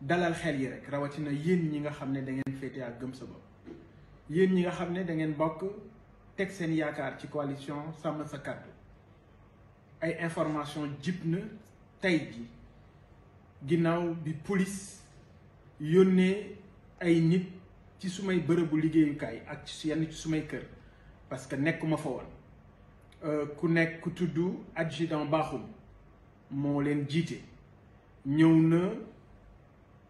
dalal xel yi rek rawatina yéen ñi nga xam ne da ngeen féete ak gëm sa bopp yéen ñi nga xam ne da ngeen bokk teg seen yaakaar ci coalition sàmm sa kàddu ay information jip na tey ji ginnaaw bi police yónnee ay nit ci sumay bërëbu liggéeyukaay ak ci yenn ci sumay kër parce que nekkuma fa woon euh, ku nekk ku tudd adjudant baaxul moo leen jiite ñëw na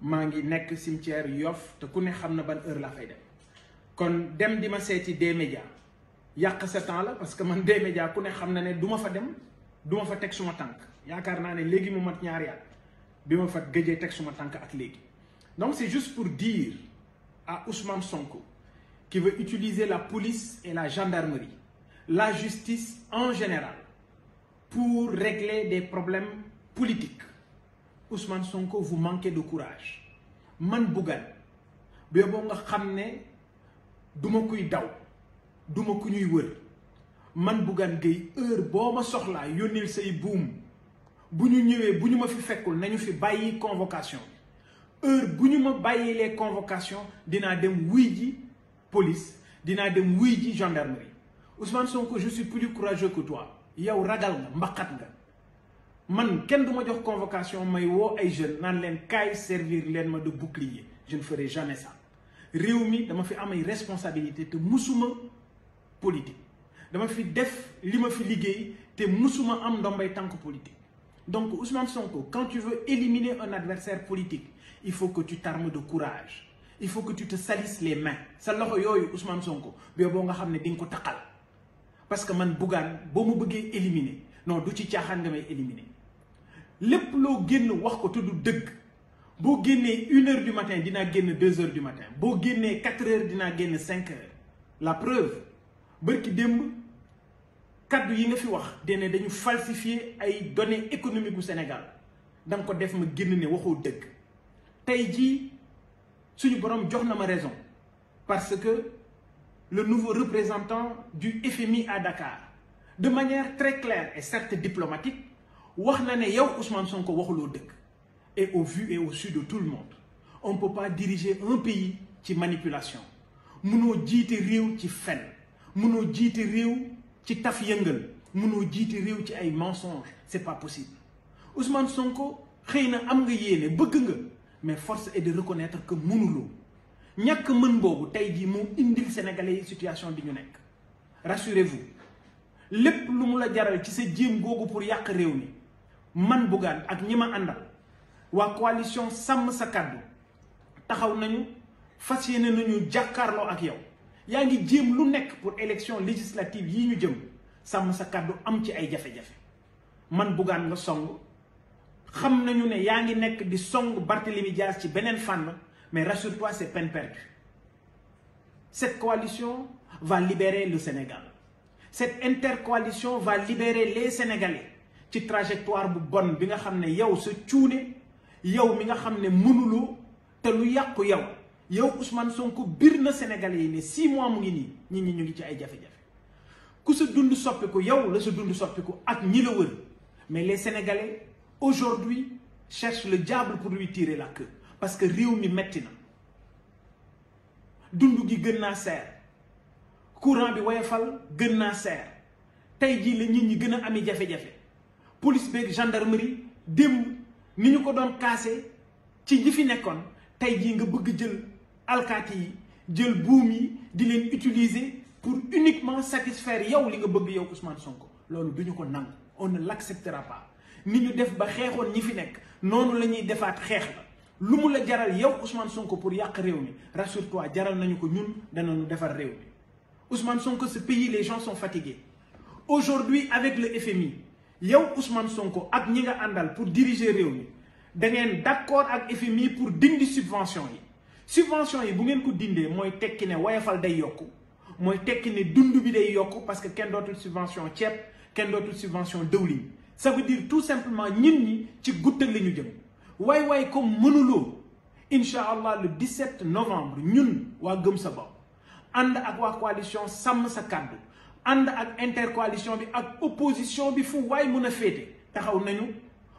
mangi nek nekk cimetière Yoff te ku ne xam ban heure la fay dem kon dem di ma des D-Média yàq sa temps la parce que man des média ku ne xam ne je fa dem duma fa tek suma tank yaakaar naa ne léegi mu mat ñaar ya bima fa tek suma tank ak donc c'est juste pour dire à Ousmane Sonko qui veut utiliser la police et la gendarmerie la justice en général pour régler des problèmes politiques Ousmane Sonko vous manquez de courage man Bougane vous ne daw man ma say veux bu je vous fi fekkul nañu convocation heure les convocation dem police dinaa dem gendarmerie Ousmane Sonko je suis plus courageux que toi un ragal man kenn du jox convocation may wo ay jeunes naan leen servir leen de bouclier je ne ferai jamais ça Réumi, de dama fi am ay responsabilités de musulman politique dama fi def li ma fi de te musuma am ndombay tànk politique donc Ousmane Sonko quand tu veux éliminer un adversaire politique il faut que tu t'armes de courage il faut que tu te salisses les mains Ça loxo yooyu Ousmane Sonko boo boo nga xam ne ko parce que man bougan, boo ma éliminer non du ci caaxaan nga éliminer lepp lo génn wax ko tuddu dëgg boo génnee une heure du matin dinaa génn deux heures du matin boo génnee quatre heures dinaa génn cinq heures la preuve barki démb kaddu yi nga fi wax dene dañu falsifier ay données économiques bu Sénégal danga ko def ma génn ne waxoo dëgg tey jii suñu borom jox na ma raison parce que le nouveau représentant du FMI à Dakar de manière très claire et certes diplomatique wax na yow Ousmane Sonko et au vu et au su de tout le monde on ne peut pas diriger un pays ci manipulation mënoo jiite réew ci fen mënoo jiite réew ci taf yëngal mënoo jiite réew ci ay mensonges c'est pas possible Ousmane Sonko xeyna am nga yéene bëgg nga mais force est de reconnaître que mënuloo ñak mën boobu tey jii moo indil sénégalais situation bi ñu rassurez-vous lepp lu mu la jaral ci sa djim gogu pour yak réew man Bougane ak ñima ma wa coalition sam sa kàddu taxaw nañu fas nañu jakarlo ak yow yaangi jëm lu nekk pour élection législative yi ñu jëm Sam sa kàddu am ci ay jafé jafé man Bougane nga song xam nañu ne yaangi nekk di song barthélemy Dias ci benen fan mais rassure-toi c'est peine perdue cette coalition va libérer le Sénégal cette intercoalition va libérer les Sénégalais ci trajectoire bu bonne bi nga xamné yow sa cuune yow mi nga xamné ne té lu yaq yow yow Ousmane Sonko birna Sénégalais né 6 mois mu ngi ni nit ñi ñu ngi ci ay jafé jafé ku sa dund ko yow la sa dund ko ak ñi la wër mais les Sénégalais aujourd'hui cherchent le diable pour lui tirer la queue parce que réew mi metti na dundu gi gën na seer courant bi fal gën na seer tay ji la nit ñi gëna ami jafé jafé police beeg gendarmerie dem niñu ko don kaase ci ñi fi nekkon tay ji nga bëgg jël alkaati jël buum yi di leen utiliser pour uniquement satisfaire yow li nga bëgg yow Ousmane Sonko lolu duñu ko nang on ne l'acceptera pas niñu def ba xeexoon ñi fi nekk nonu lañuy ñuy defaat xeex la lu mu la jaral yow Ousmane Sonko pour yaq réew mi rassure-toi jaral nañu ko ñun danañu defar réew mi Ousmane Sonko ce pays les gens sont fatigués aujourd'hui avec le FMI yow Ousmane Sonko ak ñi nga pour diriger réew mi da ngeen d'accord ak FMI pour dindi subvention yi subvention yi bu ngeen ko dindé moy tekki ne wayafal day yokku moy tekki ne dund bi day yokku parce que kenn dootul subvention quelqu'un kenn dootul subvention dëwlin ça veut dire tout simplement ñin ñi ci guttal li ñu jëm way way comme mënulo inshallah le 17 novembre ñun wa Gëm sa bopp and ak wa coalition sam sa cadre ande ak intercoalition bi ak opposition bi fu way mën a taxaw nañu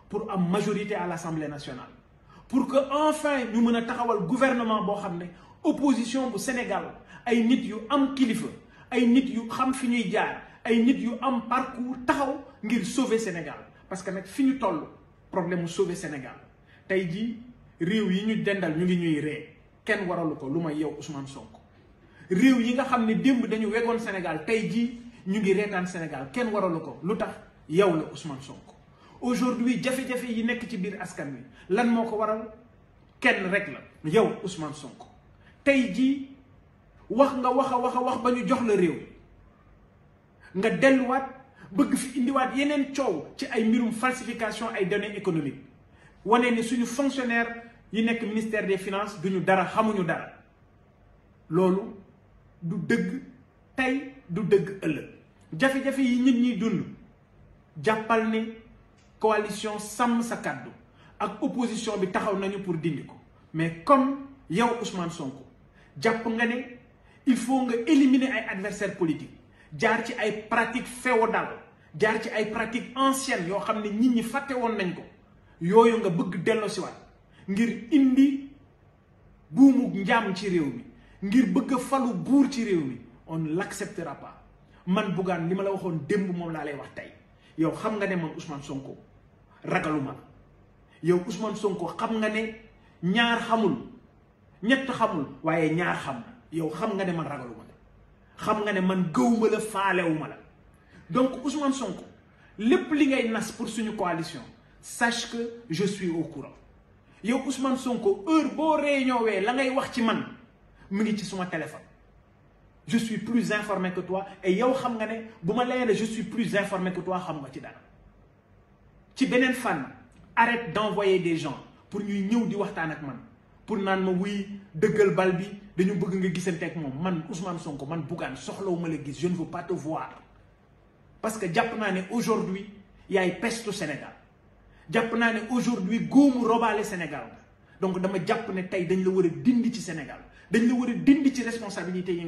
pour am majorité à l'Assemblée nationale pour que enfin ñu mën taxawal gouvernement bo xamné opposition bu Sénégal ay nit yu am kilifa ay nit yu xam fi ñuy jaar ay nit yu am parcours taxaw ngir sauver Sénégal parce que nak fiñu tollu problème sauver Sénégal tay ji réew yi ñu dendal ñu ngi ñuy ré ken waralu ko lu yow Ousmane Sonko réew yi nga xamné demb dañu wéggone Sénégal tey jii ñu ngi rétane Sénégal kenn waraluko lutax lu yow la Ousmane Sonko aujourd'hui jafé jafé yi nekk ci biir askan wi lan moko waral kenn rek la yow Ousmane Sonko tey jii wax nga waxa waxa wax bañu jox la réew nga delluwaat bëgg fi indiwaat yeneen coow ci ay mbirum falsification ay données économiques wane ni suñu fonctionnaire yi nekk ministère des finances duñu dara xamuñu dara loolu du dëgg tey du dëgg ëllëg jafe-jafe yi nit ñi dund jàppal ne coalition sàmm sa kàddu ak opposition bi taxaw nañu pour dindi ko mais comme yow Ousmane Sonko jàpp nga ne il faut nga éliminer ay adversaires politique jaar ci ay pratiques féodales jaar ci ay pratiques anciennes yoo xam ne nit ñi fàtte woon nañ ko yooyu nga bëgg delloo siwaat ngir indi buumu njaam ci réew mi ngir bëgg a falu buur ci réew mi on l'acceptera pas man Bougane li ma la waxoon démb moom laa lay wax tey yow xam nga ne moom Ousmane Sonko ragaluma yow Ousmane Sonko xam nga ne ñaar xamul ñett xamul waaye ñaar xam na yow xam nga ne man ragaluma la xam nga ne man gëwuma la faalewuma la donc Ousmane Sonko lépp li ngay nas pour suñu coalition sache que je suis au courant yow Ousmane Sonko heure boo ree wee la ngay wax ci man mu ngi ci téléphone je suis plus informé que toi et yow xam nga ne buma ma je suis plus informé que toi xam nga ci dara ci benen fan arrête d'envoyer des gens pour ñuy ñëw di waxtaan ak man pour nan ma wuy deugal bal bi dañu bëgg nga gisante ak mom. man Ousmane Sonko man bougan soxlawu ma la gis je ne veux pas te voir parce que jàpp naa ne aujourd'hui yaay au Sénégal jàpp naa ne aujourd'hui góomu robalé Sénégal donc dama japp ne tay dañ la war dindi ci Sénégal dañ la responsabilité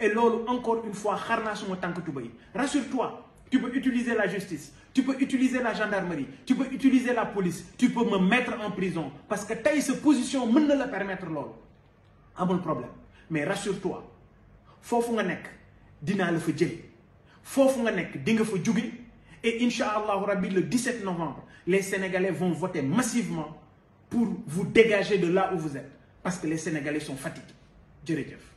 et là, encore une fois xar suma que rassure-toi tu peux utiliser la justice tu peux utiliser la gendarmerie tu peux utiliser la police tu peux me mettre en prison parce que taille cette position mën pas la permettre lolu amul problème mais rassure-toi fofu nga nek dina la fa jël fofu nga nek di fa et inshallah le 17 novembre les sénégalais vont voter massivement pour vous dégager de là où vous êtes parce que les Sénégalais sont fatigués jërëjëf